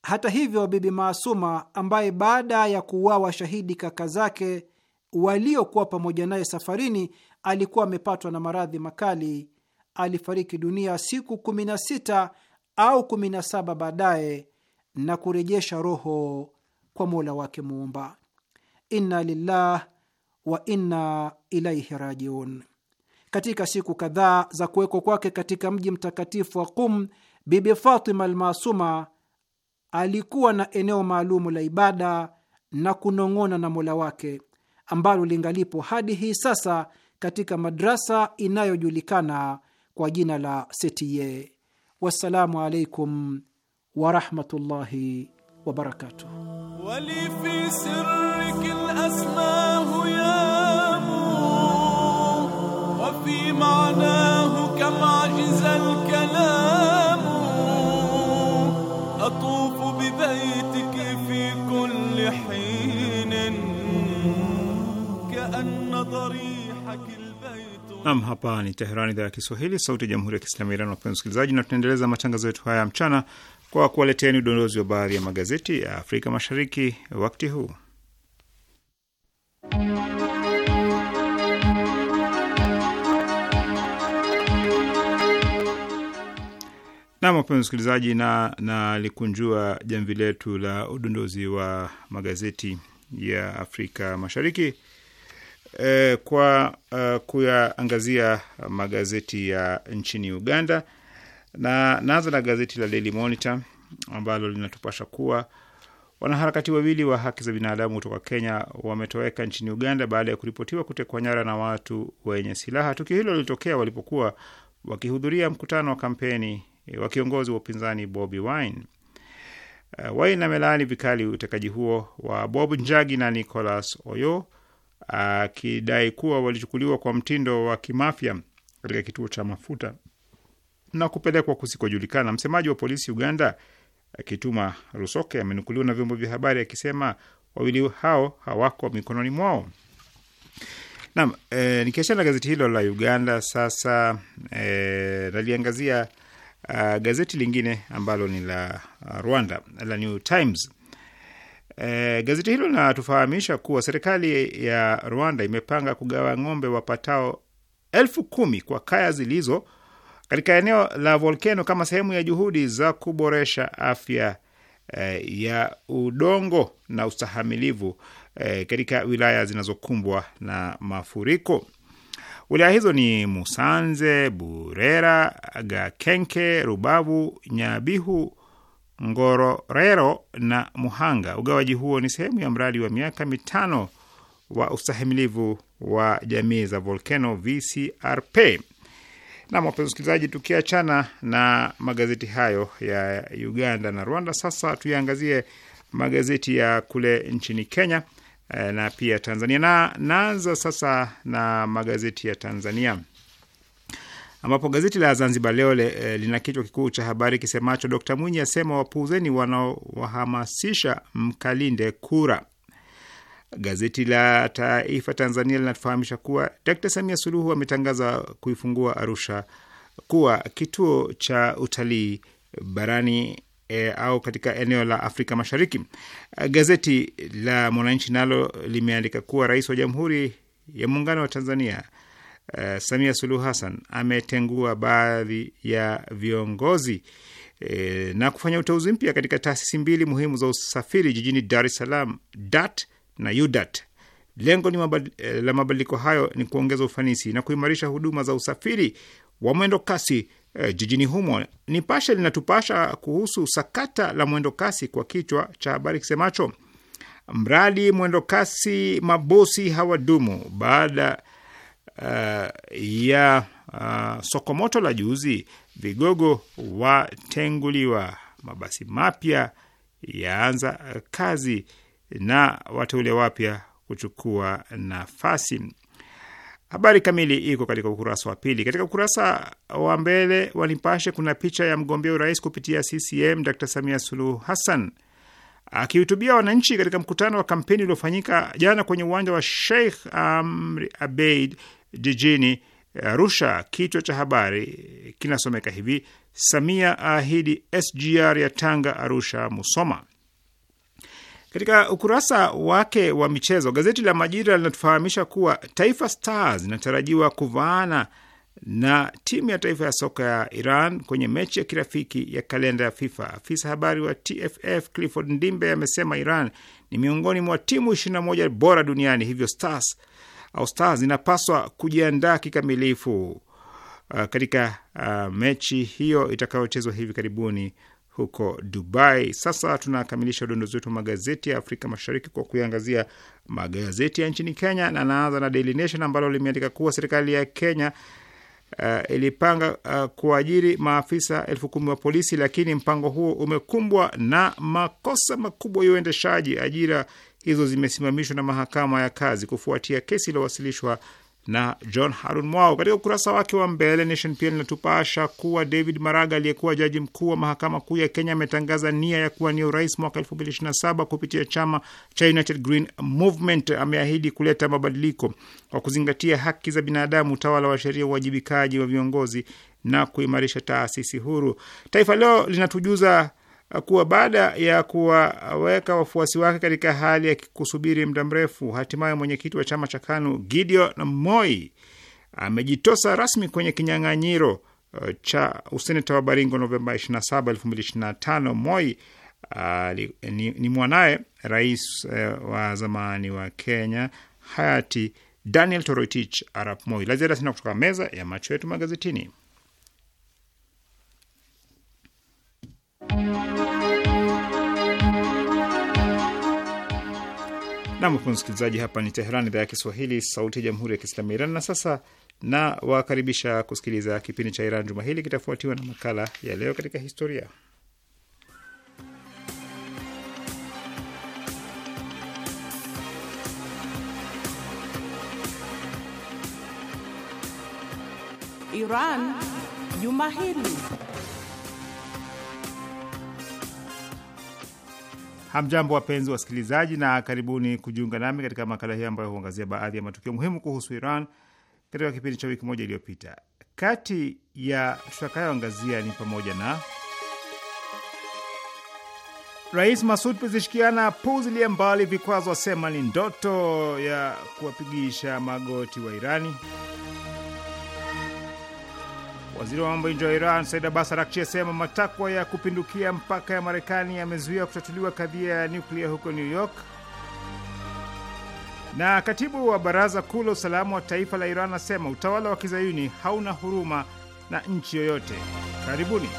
Hata hivyo, Bibi Maasuma ambaye baada ya kuuawa shahidi kaka zake waliokuwa pamoja naye safarini alikuwa amepatwa na maradhi makali, alifariki dunia siku 16 au 17 saba baadaye na kurejesha roho kwa Mola wake Muumba inna lillah wa inna ilaihi rajiun. Katika siku kadhaa za kuwekwa kwake katika mji mtakatifu wa Qum, Bibi Fatima Almasuma alikuwa na eneo maalumu la ibada na kunong'ona na Mola wake ambalo lingalipo hadi hii sasa katika madrasa inayojulikana kwa jina la Setiye. Wassalamu alaikum warahmatullahi وبركاته ولي في سرك الأسماه يا مو وفي معناه كم عجز الكلام أطوف ببيتك في كل حين كأن ضريحك Nam, hapa ni Teherani, idhaa ya Kiswahili, sauti ya jamhuri ya kiislamu ya Iran. Wapenzi wasikilizaji, na tunaendeleza matangazo yetu haya mchana kwa kuwaleteni udondozi wa baadhi ya magazeti ya Afrika Mashariki wakati huu. Nam, wapenzi msikilizaji, na nalikunjua jamvi letu la udondozi wa magazeti ya Afrika Mashariki e, kwa uh, kuyaangazia magazeti ya nchini Uganda, na naanza na gazeti la Daily Monitor ambalo linatupasha kuwa wanaharakati wawili wa haki za binadamu kutoka Kenya wametoweka nchini Uganda baada ya kuripotiwa kutekwa nyara na watu wenye silaha. Tukio hilo lilitokea walipokuwa wakihudhuria mkutano wa kampeni e, wa kiongozi wa upinzani Bobi Wine. E, Wine amelaani vikali utekaji huo wa Bob Njagi na Nicholas Oyo akidai kuwa walichukuliwa kwa mtindo wa kimafya katika kituo cha mafuta na kupelekwa kusikojulikana. Msemaji wa polisi Uganda Kituma Rusoke amenukuliwa na vyombo vya habari akisema wawili hao hawako mikononi mwao. Naam, e, nikiachana na gazeti hilo la Uganda sasa e, naliangazia uh, gazeti lingine ambalo ni la Rwanda la New Times. E, gazeti hilo linatufahamisha kuwa serikali ya Rwanda imepanga kugawa ng'ombe wapatao elfu kumi kwa kaya zilizo katika eneo la volkeno kama sehemu ya juhudi za kuboresha afya eh, ya udongo na ustahamilivu eh, katika wilaya zinazokumbwa na mafuriko. Wilaya hizo ni Musanze, Burera, Gakenke, Rubavu, Nyabihu, Ngororero na Muhanga. Ugawaji huo ni sehemu ya mradi wa miaka mitano wa ustahimilivu wa jamii za volkeno VCRP. Nam, wapenzi wasikilizaji, tukiachana na magazeti hayo ya Uganda na Rwanda, sasa tuyaangazie magazeti ya kule nchini Kenya eh, na pia Tanzania, na naanza sasa na magazeti ya Tanzania ambapo gazeti la Zanzibar Leo le, eh, lina kichwa kikuu cha habari kisemacho Dkt Mwinyi asema wapuuzeni wanaowahamasisha mkalinde kura. Gazeti la Taifa Tanzania linatufahamisha kuwa Dkt. Samia Suluhu ametangaza kuifungua Arusha kuwa kituo cha utalii barani E, au katika eneo la Afrika Mashariki. Gazeti la Mwananchi nalo limeandika kuwa Rais wa Jamhuri ya Muungano wa Tanzania uh, Samia Suluhu Hassan ametengua baadhi ya viongozi e, na kufanya uteuzi mpya katika taasisi mbili muhimu za usafiri jijini Dar es Salaam, DART na UDAT. Lengo ni mabad, eh, la mabadiliko hayo ni kuongeza ufanisi na kuimarisha huduma za usafiri wa mwendo kasi eh, jijini humo. Nipashe linatupasha kuhusu sakata la mwendo kasi kwa kichwa cha habari kisemacho mradi mwendo kasi mabosi hawadumu. Baada uh, ya uh, eh, sokomoto la juzi, vigogo watenguliwa, mabasi mapya yaanza kazi na wateule wapya kuchukua nafasi. Habari kamili iko katika ukurasa wa pili. Katika ukurasa wa mbele wa Nipashe kuna picha ya mgombea urais kupitia CCM Dr. Samia Suluhu Hassan akihutubia wananchi katika mkutano wa kampeni uliofanyika jana kwenye uwanja wa Sheikh Amri Abeid jijini Arusha. Kichwa cha habari kinasomeka hivi: Samia aahidi SGR ya Tanga, Arusha, Musoma. Katika ukurasa wake wa michezo, gazeti la Majira linatufahamisha kuwa Taifa Stars inatarajiwa kuvaana na timu ya taifa ya soka ya Iran kwenye mechi ya kirafiki ya kalenda ya FIFA. Afisa habari wa TFF Clifford Ndimbe amesema Iran ni miongoni mwa timu 21 bora duniani, hivyo Stars au Stars inapaswa kujiandaa kikamilifu uh, katika uh, mechi hiyo itakayochezwa hivi karibuni huko Dubai. Sasa tunakamilisha udondozi wetu wa magazeti ya Afrika Mashariki kwa kuiangazia magazeti ya nchini Kenya, na naanza na Daily Nation ambalo limeandika kuwa serikali ya Kenya uh, ilipanga uh, kuajiri maafisa elfu kumi wa polisi, lakini mpango huo umekumbwa na makosa makubwa ya uendeshaji. Ajira hizo zimesimamishwa na mahakama ya kazi kufuatia kesi iliyowasilishwa na John Harun Mwao. Katika ukurasa wake wa mbele, Nation pia linatupasha kuwa David Maraga aliyekuwa jaji mkuu wa mahakama kuu ya Kenya ametangaza nia ya kuwania urais mwaka 2027 kupitia chama cha United Green Movement. Ameahidi kuleta mabadiliko kwa kuzingatia haki za binadamu, utawala wa sheria, uwajibikaji wa viongozi na kuimarisha taasisi huru. Taifa Leo linatujuza kuwa baada ya kuwaweka wafuasi wake katika hali ya kusubiri muda mrefu, hatimaye mwenyekiti wa chama cha KANU Gideon Moi amejitosa rasmi kwenye kinyang'anyiro uh, cha useneta wa Baringo Novemba 27, 2025. Moi uh, ni, ni mwanaye rais uh, wa zamani wa Kenya hayati Daniel Toroitich arap Moi. La ziada sina kutoka meza ya macho yetu magazetini. Nam wapenzi msikilizaji, hapa ni Teheran, idhaa ya Kiswahili, sauti ya jamhuri ya kiislamu ya Iran. Na sasa na wakaribisha kusikiliza kipindi cha Iran juma hili, kitafuatiwa na makala ya leo katika historia. Iran juma hili Hamjambo, wapenzi wasikilizaji, na karibuni kujiunga nami katika makala hii ambayo huangazia baadhi ya matukio muhimu kuhusu Iran katika kipindi cha wiki moja iliyopita. Kati ya tutakayoangazia ni pamoja na Rais Masud Pezeshkian apuuzilia mbali vikwazo, asema ni ndoto ya kuwapigisha magoti wa Irani. Waziri wa mambo ya nje wa Iran Said Abbas Arakchi asema matakwa ya kupindukia mpaka ya Marekani yamezuia kutatuliwa kadhia ya nyuklia huko New York. Na katibu wa baraza kuu la usalama wa taifa la Iran asema utawala wa kizayuni hauna huruma na nchi yoyote. Karibuni.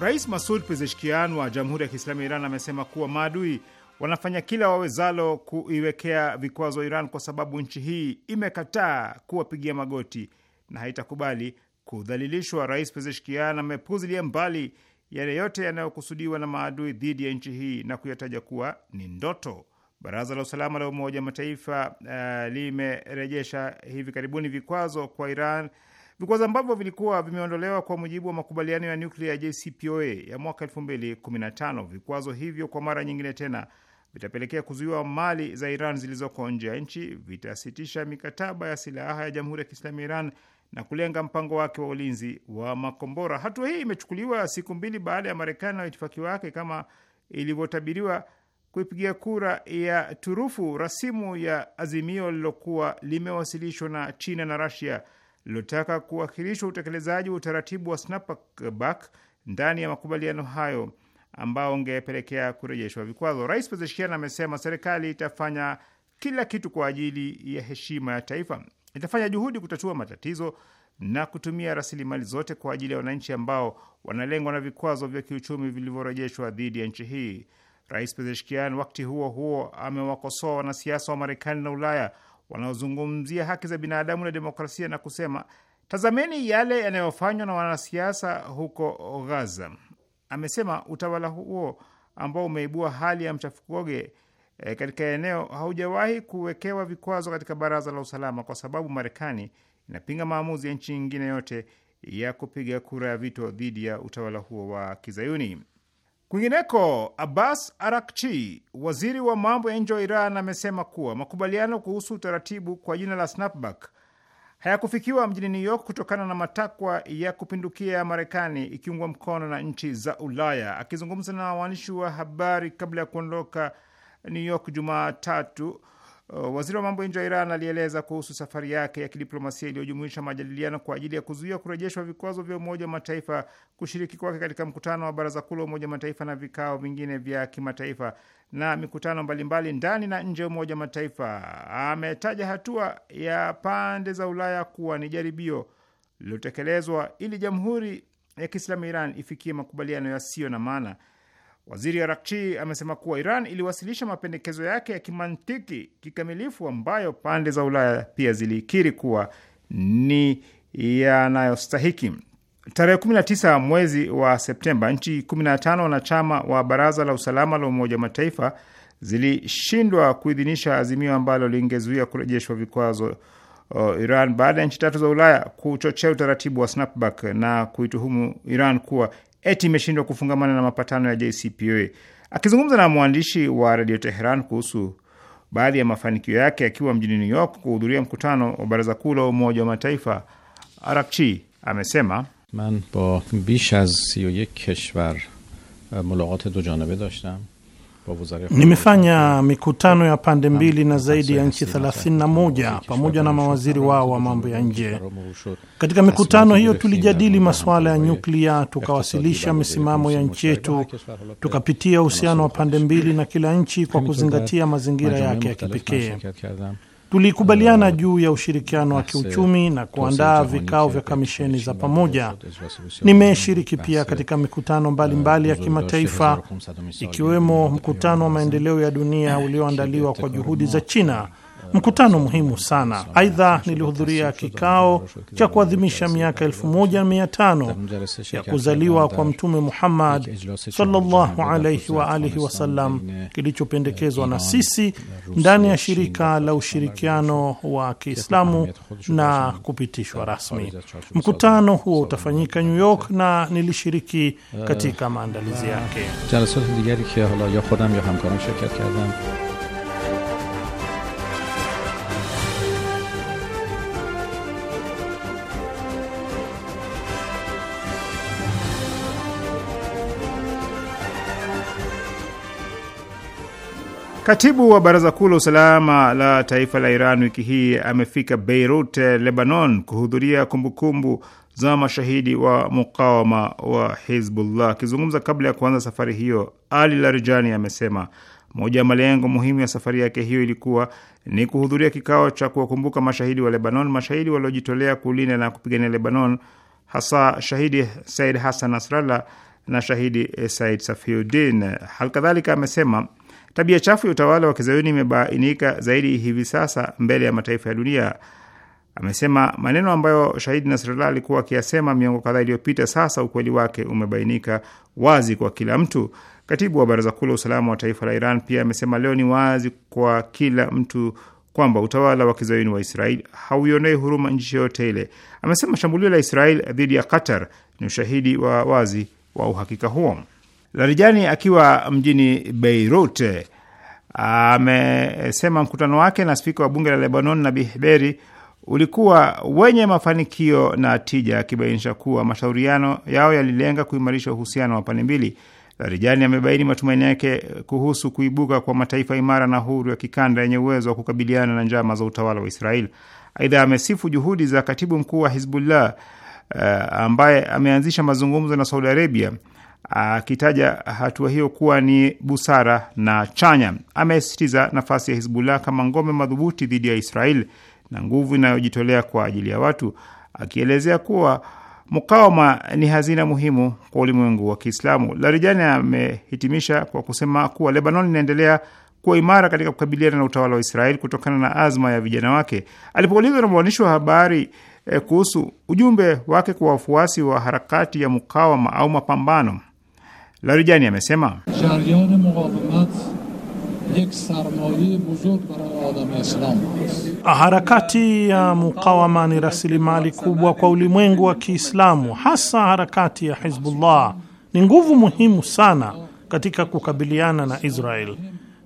Rais Masud Pezeshkian wa Jamhuri ya Kiislamu ya Iran amesema kuwa maadui wanafanya kila wawezalo kuiwekea vikwazo Iran kwa sababu nchi hii imekataa kuwapigia magoti na haitakubali kudhalilishwa. Rais Pezeshkian amepuzilia mbali yale yote yanayokusudiwa na maadui dhidi ya nchi hii na kuyataja kuwa ni ndoto. Baraza la usalama la Umoja wa Mataifa uh, limerejesha hivi karibuni vikwazo kwa Iran, vikwazo ambavyo vilikuwa vimeondolewa kwa mujibu wa makubaliano ya nuklia ya JCPOA ya mwaka 2015. Vikwazo hivyo kwa mara nyingine tena vitapelekea kuzuiwa mali za Iran zilizoko nje ya nchi, vitasitisha mikataba ya silaha ya Jamhuri ya Kiislamu ya Iran na kulenga mpango wake wa ulinzi wa makombora. Hatua hii imechukuliwa siku mbili baada ya Marekani na waitifaki wake kama ilivyotabiriwa kuipigia kura ya turufu rasimu ya azimio lililokuwa limewasilishwa na China na rasia lililotaka kuahirishwa utekelezaji wa utaratibu wa snapback ndani ya makubaliano hayo ambao ungepelekea kurejeshwa vikwazo. Rais Pezeshkian amesema serikali itafanya kila kitu kwa ajili ya heshima ya taifa itafanya juhudi kutatua matatizo na kutumia rasilimali zote kwa ajili ya wananchi ambao wanalengwa na vikwazo vya kiuchumi vilivyorejeshwa dhidi ya nchi hii. Rais Pezeshkian wakati huo huo amewakosoa wanasiasa wa Marekani na Ulaya wanaozungumzia haki za binadamu na demokrasia na kusema, tazameni yale yanayofanywa na wanasiasa huko Gaza. Amesema utawala huo ambao umeibua hali ya mchafukoge e, katika eneo haujawahi kuwekewa vikwazo katika Baraza la Usalama kwa sababu Marekani inapinga maamuzi ya nchi nyingine yote ya kupiga kura ya vito dhidi ya utawala huo wa Kizayuni. Kwingineko, Abbas Arakchi, waziri wa mambo ya nje wa Iran, amesema kuwa makubaliano kuhusu utaratibu kwa jina la snapback hayakufikiwa mjini New York kutokana na matakwa ya kupindukia ya Marekani ikiungwa mkono na nchi za Ulaya. Akizungumza na waandishi wa habari kabla ya kuondoka New York Jumatatu, uh, waziri wa mambo ya nje wa Iran alieleza kuhusu safari yake ya kidiplomasia iliyojumuisha majadiliano kwa ajili ya kuzuia kurejeshwa vikwazo vya Umoja wa Mataifa, kushiriki kwake katika mkutano wa Baraza Kuu la Umoja wa Mataifa na vikao vingine vya kimataifa na mikutano mbalimbali ndani na nje ya Umoja wa Mataifa. Ametaja hatua ya pande za Ulaya kuwa ni jaribio lililotekelezwa ili Jamhuri ya Kiislamu Iran ifikie makubaliano yasiyo na maana Waziri Arakchi amesema kuwa Iran iliwasilisha mapendekezo yake ya kimantiki kikamilifu ambayo pande za Ulaya pia zilikiri kuwa ni yanayostahiki. Tarehe 19 mwezi wa Septemba, nchi 15 wanachama wa Baraza la Usalama la Umoja Mataifa zilishindwa kuidhinisha azimio ambalo lingezuia kurejeshwa vikwazo uh, Iran baada ya nchi tatu za Ulaya kuchochea utaratibu wa snapback na kuituhumu Iran kuwa eti imeshindwa kufungamana na mapatano ya JCPOA. Akizungumza na mwandishi wa redio Teheran kuhusu baadhi ya mafanikio yake akiwa mjini New York kuhudhuria mkutano wa baraza kuu la Umoja wa Mataifa, Arakchi amesema man ba bish az 31 keshwar eh, mulaqat e dujanabe dashtam Nimefanya mikutano ya pande mbili na zaidi ya nchi 31 pamoja na mawaziri wao wa mambo ya nje. Katika mikutano hiyo tulijadili masuala ya nyuklia, tukawasilisha misimamo ya nchi yetu, tukapitia uhusiano wa pande mbili na kila nchi kwa kuzingatia mazingira yake ya kipekee. Tulikubaliana uh, juu ya ushirikiano wa kiuchumi na kuandaa vikao vya kamisheni za pamoja. Nimeshiriki pia katika mikutano uh, mbalimbali mbali ya kimataifa, ikiwemo mkutano wa maendeleo ya dunia ulioandaliwa kwa juhudi za China mkutano muhimu sana. Aidha, nilihudhuria kikao cha kuadhimisha miaka 1500 ya kuzaliwa kwa Mtume Muhammad sallallahu alaihi wa alihi wasallam kilichopendekezwa na sisi ndani ya shirika la ushirikiano wa Kiislamu na kupitishwa rasmi. Mkutano huo utafanyika New York na nilishiriki katika maandalizi yake. Katibu wa baraza kuu la usalama la taifa la Iran wiki hii amefika Beirut, Lebanon, kuhudhuria kumbukumbu za mashahidi wa mukawama wa Hizbullah. Akizungumza kabla ya kuanza safari hiyo, Ali Larijani amesema moja ya malengo muhimu ya safari yake hiyo ilikuwa ni kuhudhuria kikao cha kuwakumbuka mashahidi wa Lebanon, mashahidi waliojitolea kulinda na kupigania Lebanon, hasa shahidi Said Hassan Nasrallah na shahidi Said Safiuddin. Halikadhalika amesema Tabia chafu ya utawala wa kizayuni imebainika zaidi hivi sasa mbele ya mataifa ya dunia. Amesema maneno ambayo shahidi Nasrallah alikuwa akiyasema miongo kadhaa iliyopita, sasa ukweli wake umebainika wazi kwa kila mtu. Katibu wa baraza kuu la usalama wa taifa la Iran pia amesema leo ni wazi kwa kila mtu kwamba utawala wa kizayuni wa Israel hauionei huruma nchi yoyote ile. Amesema shambulio la Israel dhidi ya Qatar ni ushahidi wa wazi wa uhakika huo. Larijani akiwa mjini Beirut amesema mkutano wake na spika wa bunge la Lebanon na Berri ulikuwa wenye mafanikio na tija, akibainisha kuwa mashauriano yao yalilenga kuimarisha uhusiano wa pande mbili. Larijani amebaini matumaini yake kuhusu kuibuka kwa mataifa imara na huru ya kikanda yenye uwezo wa kukabiliana na njama za utawala wa Israeli. Aidha, amesifu juhudi za katibu mkuu wa Hizbullah uh, ambaye ameanzisha mazungumzo na Saudi Arabia akitaja hatua hiyo kuwa ni busara na chanya. Amesisitiza nafasi ya Hizbullah kama ngome madhubuti dhidi ya Israel na nguvu inayojitolea kwa ajili ya watu, akielezea kuwa mukawama ni hazina muhimu kwa ulimwengu wa Kiislamu. Larijani amehitimisha kwa kusema kuwa Lebanon inaendelea kuwa imara katika kukabiliana na utawala wa Israeli kutokana na azma ya vijana wake. Alipoulizwa na mwandishi wa habari eh, kuhusu ujumbe wake kwa wafuasi wa harakati ya mukawama au mapambano Larijani amesema harakati ya mukawama ni rasilimali kubwa kwa ulimwengu wa Kiislamu, hasa harakati ya Hizbullah ni nguvu muhimu sana katika kukabiliana na Israel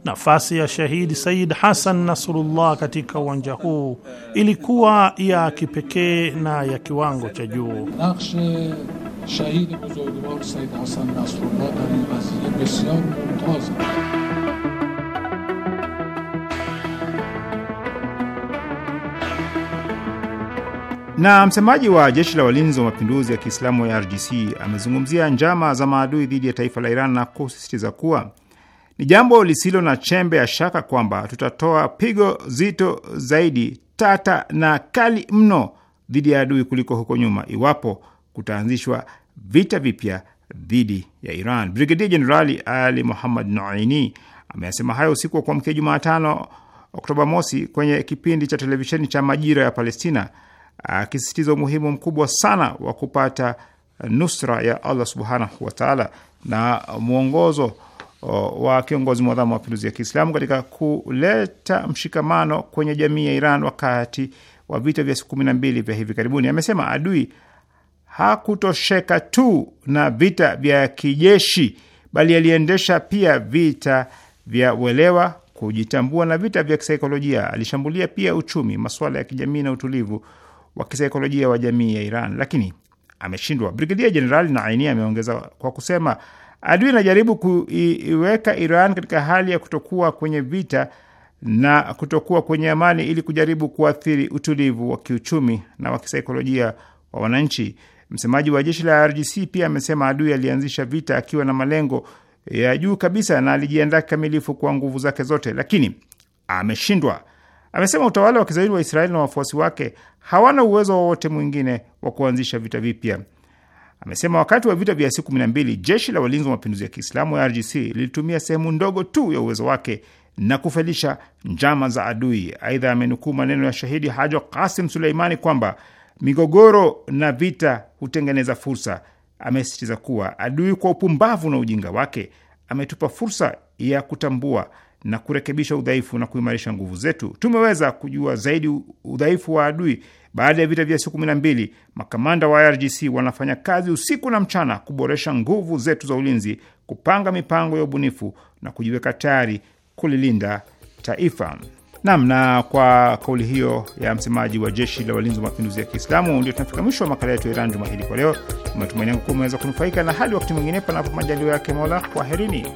Nafasi ya shahidi Said Hasan Nasrullah katika uwanja huu ilikuwa ya kipekee na ya kiwango cha juu. Na msemaji wa jeshi la walinzi wa mapinduzi ya Kiislamu ya RGC amezungumzia njama za maadui dhidi ya taifa la Iran na kusisitiza kuwa ni jambo lisilo na chembe ya shaka kwamba tutatoa pigo zito zaidi, tata na kali mno dhidi ya adui kuliko huko nyuma, iwapo kutaanzishwa vita vipya dhidi ya Iran. Brigedia Jenerali Ali Muhammad Noini ameyasema hayo usiku wa kuamkia Jumatano, Oktoba mosi kwenye kipindi cha televisheni cha Majira ya Palestina, akisisitiza umuhimu mkubwa sana wa kupata nusra ya Allah subhanahu wataala na mwongozo wa kiongozi mwadhamu wa mapinduzi ya Kiislamu katika kuleta mshikamano kwenye jamii ya Iran wakati wa vita vya siku kumi na mbili vya hivi karibuni. Amesema adui hakutosheka tu na vita vya kijeshi, bali aliendesha pia vita vya uelewa, kujitambua na vita vya kisaikolojia. Alishambulia pia uchumi, masuala ya kijamii na utulivu wa kisaikolojia wa jamii ya Iran, lakini ameshindwa. Brigedia Jenerali Naini ameongeza kwa kusema Adui anajaribu kuiweka Iran katika hali ya kutokuwa kwenye vita na kutokuwa kwenye amani ili kujaribu kuathiri utulivu wa kiuchumi na wa kisaikolojia wa wananchi. Msemaji wa jeshi la IRGC pia amesema adui alianzisha vita akiwa na malengo ya juu kabisa na alijiandaa kikamilifu kwa nguvu zake zote, lakini ameshindwa. Amesema utawala wa kizayuni wa Israeli na wafuasi wake hawana uwezo wowote mwingine wa kuanzisha vita vipya. Amesema wakati wa vita vya siku 12 jeshi la walinzi wa mapinduzi ya Kiislamu ya RGC lilitumia sehemu ndogo tu ya uwezo wake na kufelisha njama za adui. Aidha, amenukuu maneno ya shahidi Hajo Kasim Suleimani kwamba migogoro na vita hutengeneza fursa. Amesisitiza kuwa adui kwa upumbavu na ujinga wake ametupa fursa ya kutambua na kurekebisha udhaifu na kuimarisha nguvu zetu. Tumeweza kujua zaidi udhaifu wa adui baada ya vita vya siku kumi na mbili. Makamanda wa IRGC wanafanya kazi usiku na mchana kuboresha nguvu zetu za ulinzi, kupanga mipango ya ubunifu na kujiweka tayari kulilinda taifa. Nam, na kwa kauli hiyo ya msemaji wa jeshi la walinzi wa mapinduzi ya Kiislamu, ndio tunafika mwisho wa makala yetu ya Iran juma hili kwa leo. Matumaini yangu kuwa umeweza kunufaika, na hadi wakati mwingine, panapo majaliwa yake Mola, kwaherini.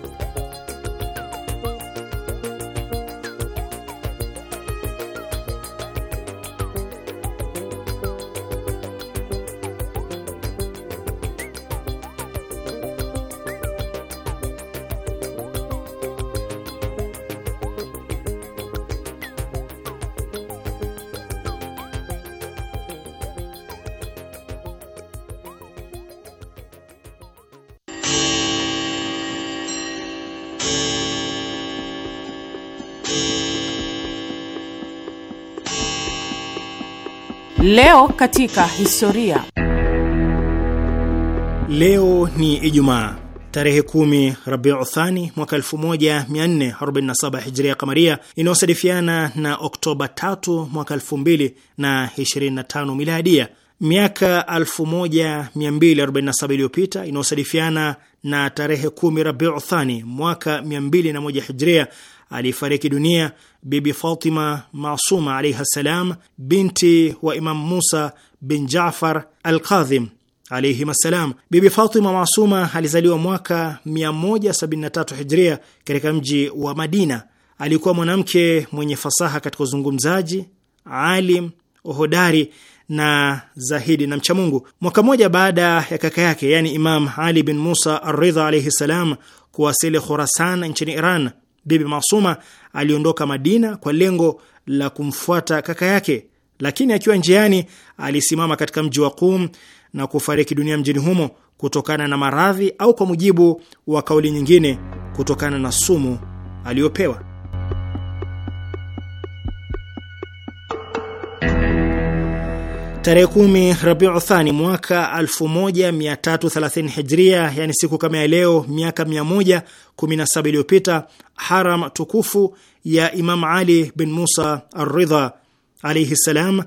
Leo katika historia. Leo ni Ijumaa tarehe kumi Rabiu Thani mwaka 1447 Hijria Kamaria, inayosadifiana na Oktoba 3 mwaka 2025 Miladia. Miaka 1247 iliyopita inayosadifiana na tarehe kumi Rabiu Thani mwaka 201 Hijria, alifariki dunia Bibi Fatima Masuma alaiha ssalam, binti wa imam Musa bin Jafar Alqadhim alaihim assalam. Bibi Fatima Masuma alizaliwa mwaka 173 Hijria katika mji wa Madina. Alikuwa mwanamke mwenye fasaha katika uzungumzaji, alim uhodari na zahidi na mchamungu. Mwaka mmoja baada ya kaka yake, yani Imam Ali bin Musa Arridha alaihi salam kuwasili Khurasan nchini Iran, Bibi Masuma aliondoka Madina kwa lengo la kumfuata kaka yake, lakini akiwa njiani alisimama katika mji wa Qum na kufariki dunia mjini humo kutokana na maradhi au kwa mujibu wa kauli nyingine kutokana na sumu aliyopewa. Tarehe kumi Rabiu Thani mwaka 1330 Hijria, yani siku kama ya leo miaka mia moja 17 iliyopita haram tukufu ya Imam Ali bin Musa Ar-Ridha alaihi ssalam,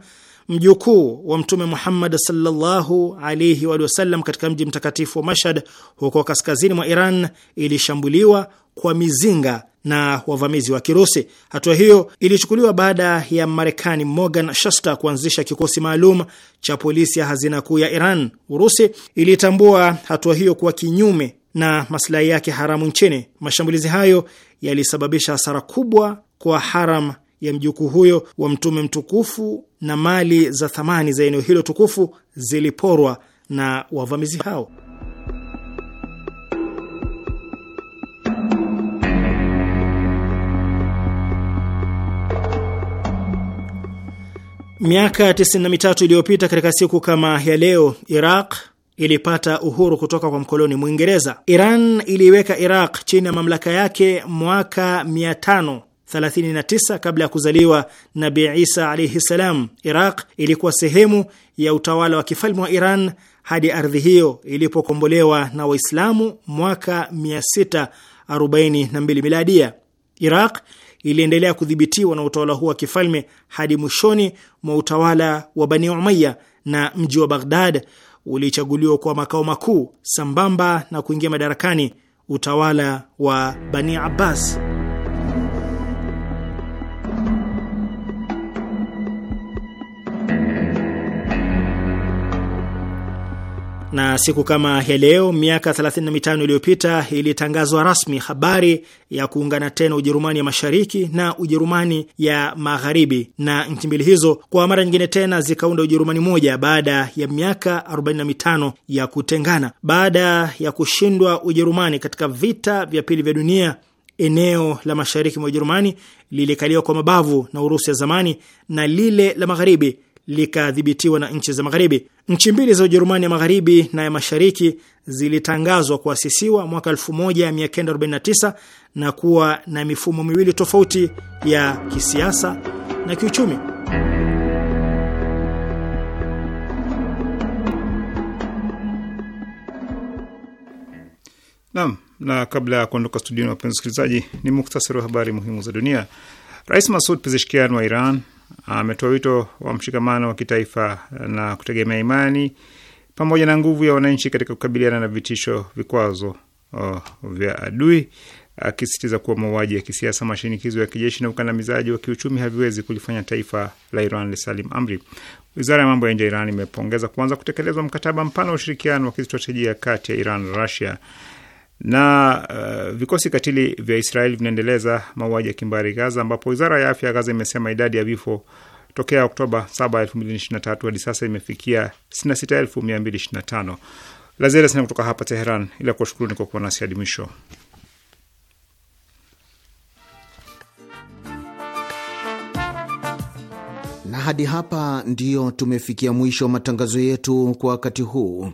mjukuu wa Mtume Muhammad sallallahu alaihi wa sallam, katika mji mtakatifu wa Mashhad huko kaskazini mwa Iran ilishambuliwa kwa mizinga na wavamizi wa Kirusi. Hatua hiyo ilichukuliwa baada ya Marekani Morgan Shuster kuanzisha kikosi maalum cha polisi ya hazina kuu ya Iran. Urusi ilitambua hatua hiyo kuwa kinyume na maslahi yake haramu nchini. Mashambulizi hayo yalisababisha hasara kubwa kwa haram ya mjukuu huyo wa mtume mtukufu, na mali za thamani za eneo hilo tukufu ziliporwa na wavamizi hao. Miaka 93 iliyopita katika siku kama ya leo, Iraq ilipata uhuru kutoka kwa mkoloni Mwingereza. Iran iliiweka Iraq chini ya mamlaka yake mwaka 539 kabla ya kuzaliwa Nabi Isa alaihi ssalam. Iraq ilikuwa sehemu ya utawala wa kifalme wa Iran hadi ardhi hiyo ilipokombolewa na Waislamu mwaka 642 miladia. Iraq iliendelea kudhibitiwa na utawala huo wa kifalme hadi mwishoni mwa utawala wa Bani Umaya na mji wa Baghdad ulichaguliwa kuwa makao makuu sambamba na kuingia madarakani utawala wa Bani Abbas. na siku kama ya leo miaka 35 iliyopita ilitangazwa rasmi habari ya kuungana tena Ujerumani ya mashariki na Ujerumani ya magharibi, na nchi mbili hizo kwa mara nyingine tena zikaunda Ujerumani moja baada ya miaka 45 ya kutengana. Baada ya kushindwa Ujerumani katika vita vya pili vya dunia, eneo la mashariki mwa Ujerumani lilikaliwa kwa mabavu na Urusi ya zamani na lile la magharibi likadhibitiwa na nchi za Magharibi. Nchi mbili za Ujerumani ya Magharibi na ya Mashariki zilitangazwa kuasisiwa mwaka 1949 na kuwa na mifumo miwili tofauti ya kisiasa na kiuchumi. Naam, na kabla ya kuondoka studioni, wapenzi wasikilizaji, ni muktasari wa habari muhimu za dunia. Rais Masud Pezeshkian wa Iran Ah, ametoa wito wa mshikamano wa kitaifa na kutegemea imani pamoja na nguvu ya wananchi katika kukabiliana na vitisho, vikwazo oh, vya adui, akisisitiza kuwa mauaji ya kisiasa, mashinikizo ya kijeshi na ukandamizaji wa kiuchumi haviwezi kulifanya taifa la Iran lisalim amri. Wizara ya mambo ya nje ya Iran imepongeza kuanza kutekelezwa mkataba mpana wa ushirikiano wa kistratejia kati ya Iran na Rusia na uh, vikosi katili vya Israeli vinaendeleza mauaji ya kimbari Gaza, ambapo wizara ya afya ya Gaza imesema idadi ya vifo tokea Oktoba 7, 2023 hadi sasa imefikia 96225. La ziada sina kutoka hapa Teheran, ila kuwashukuruni kwa kuwa nasi hadi mwisho. Na hadi hapa ndiyo tumefikia mwisho wa matangazo yetu kwa wakati huu.